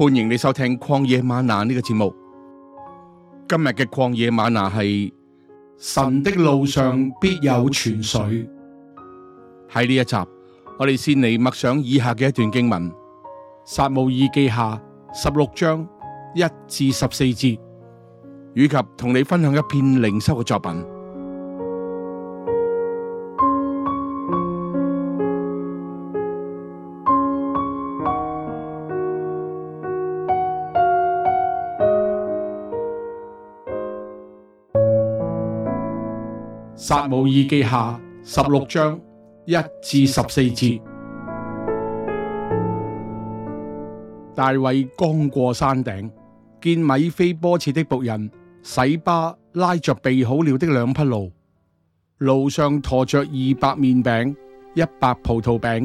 歡迎你收聽曠野嗎哪呢個節目。今日嘅曠野嗎哪係神的路上必有泉水。喺呢一集，我哋先嚟默想以下嘅一段經文：撒母耳記下十六章一至十四節，以及同你分享一篇靈修嘅作品。撒母耳記下十六章一至十四節，大衛剛過山頂，見米非波茨的僕人洗巴拉着備好了的兩匹驢，路上馱着二百麵餅、一百葡萄餅、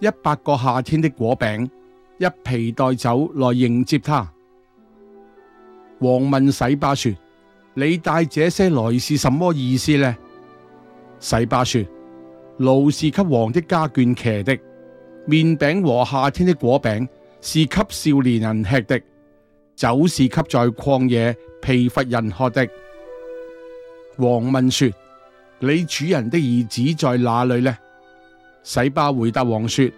一百個夏天的果餅、一皮袋酒來迎接他。王問洗巴說：你帶這些來是什麼意思呢？洗巴說：驢是給王的家眷騎的，麵餅和夏天的果餅是給少年人吃的，酒是給在曠野疲乏人喝的。王問說：你主人的兒子在哪裏呢？洗巴回答王說：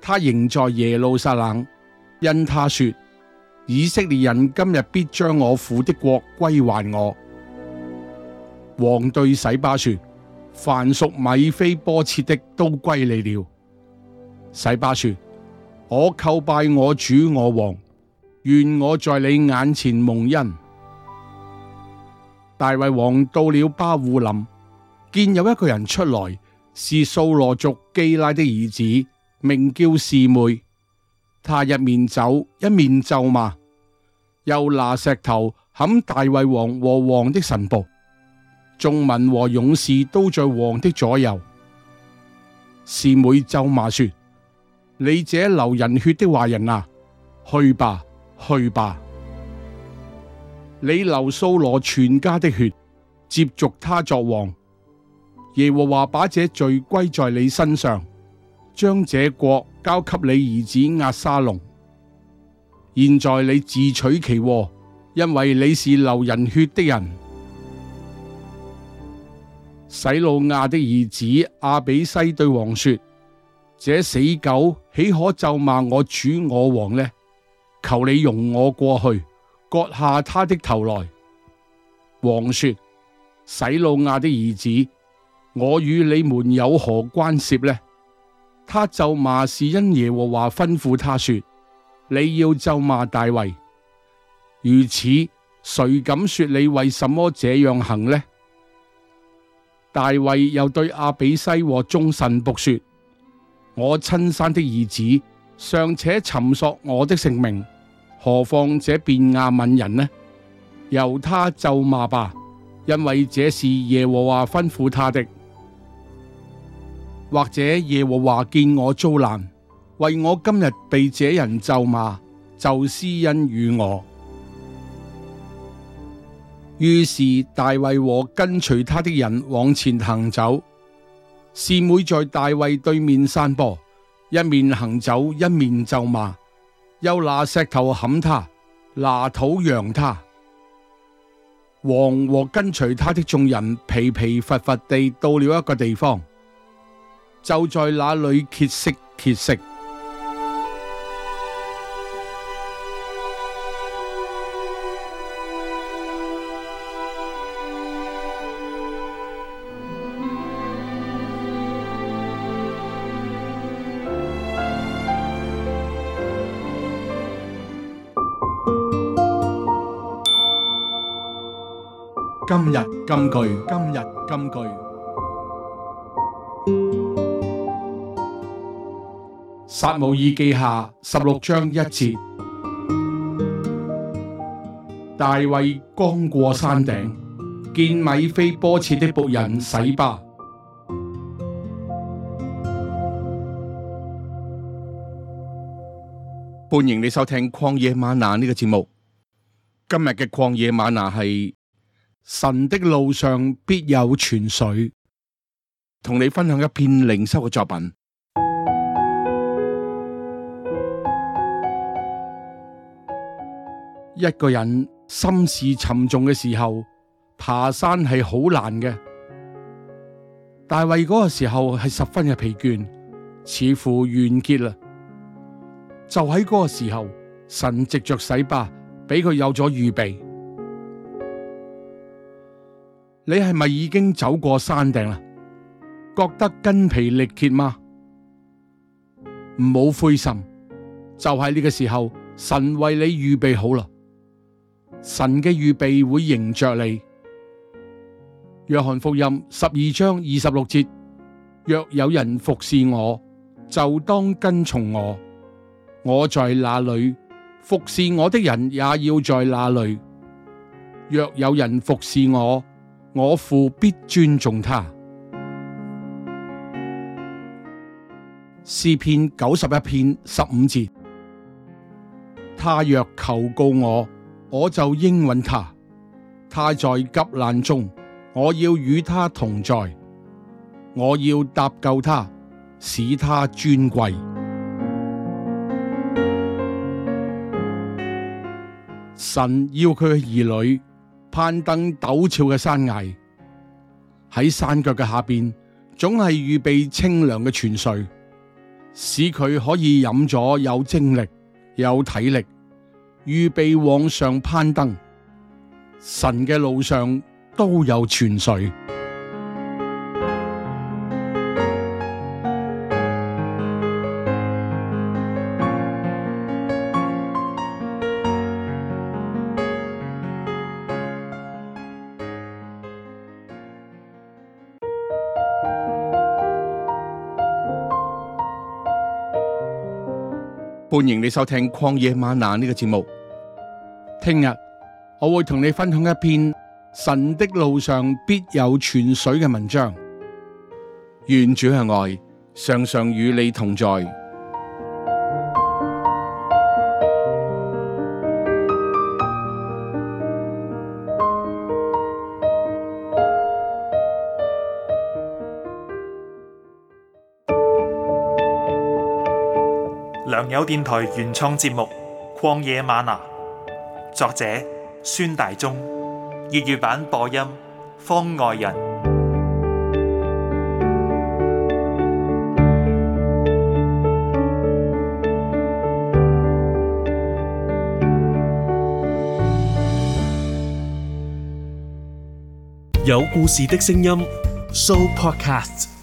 他仍在耶路撒冷，因他說：以色列人今日必將我父的國歸還我。王對洗巴說：凡屬米非波設的都歸你了。洗巴說：我叩拜我主我王，願我在你眼前蒙恩。大衛王到了巴戶琳，見有一個人出來，是掃羅族基拉的兒子，名叫示每。他一面走一面咒罵，又拿石頭砍大衛王和王的臣僕。眾民和勇士都在王的左右。示每咒罵說：你這流人血的壞人啊，去吧，去吧！你流掃羅全家的血，接續他作王。耶和華把這罪歸在你身上，將這國交給你兒子押沙龍。現在你自取其禍，因為你是流人血的人。洗魯亞的兒子阿比西對王說：這死狗豈可咒罵我主我王呢？求你容我過去，割下他的頭來。王說：洗魯亞的兒子，我與你們有何關涉呢？他咒罵是因耶和華吩咐他說：你要咒罵大衛。如此，誰敢說你為什麼這樣行呢？大衛又對阿比西和眾臣僕說：我親生的兒子尚且尋索我的性命，何況這便雅憫人呢？由他咒罵吧，因為這是耶和華吩咐他的。或者耶和華見我遭難，為我今日被這人咒罵，就施恩與我。於是大衛和跟隨他的人往前行走，示每在大衛對面山坡，一面行走一面咒罵，又拿石頭砍他，拿土揚他。王和跟隨他的眾人疲疲乏乏地到了一個地方，就在那裏歇息歇息。今日金句，今日金句。撒母耳記下十六章一節，大衛剛過山頂，見米非波設的僕人洗巴。歡迎你收聽曠野嗎哪呢、這個節目。今日嘅曠野嗎哪係。神的路上必有泉水，同你分享一篇靈修嘅作品。一個人心事沉重嘅時候，爬山係好難嘅。大衛嗰個時候係十分嘅疲倦，似乎完結啦。就喺嗰個時候，神藉着洗巴俾佢有咗預備。你係咪已經走過山頂啦？覺得筋疲力竭嗎？唔好灰心，就喺呢個時候，神為你預備好啦。神嘅預備會迎着你。約翰福音十二章二十六節，若有人服侍我，就當跟從我。我在哪裏，服侍我的人也要在哪裏。若有人服侍我，我父必尊重他。詩篇九十一篇十五節，他若求告我，我就應允他。他在急難中，我要與他同在，我要搭救他，使他尊貴。神要佢兒女。攀登陡峭嘅山崖，喺山腳嘅下邊總係預備清涼嘅泉水，使佢可以飲咗有精力，有體力，預備往上攀登。神嘅路上都有泉水。歡迎你收聽曠野嗎哪呢個節目。聽日我會同你分享一篇《神的路上必有泉水》嘅文章。願主嘅愛常常與你同在。良友電台原創節目《曠野嗎哪》，作者孫大中，粵語版播音方外人，有故事的聲音 Show Podcast。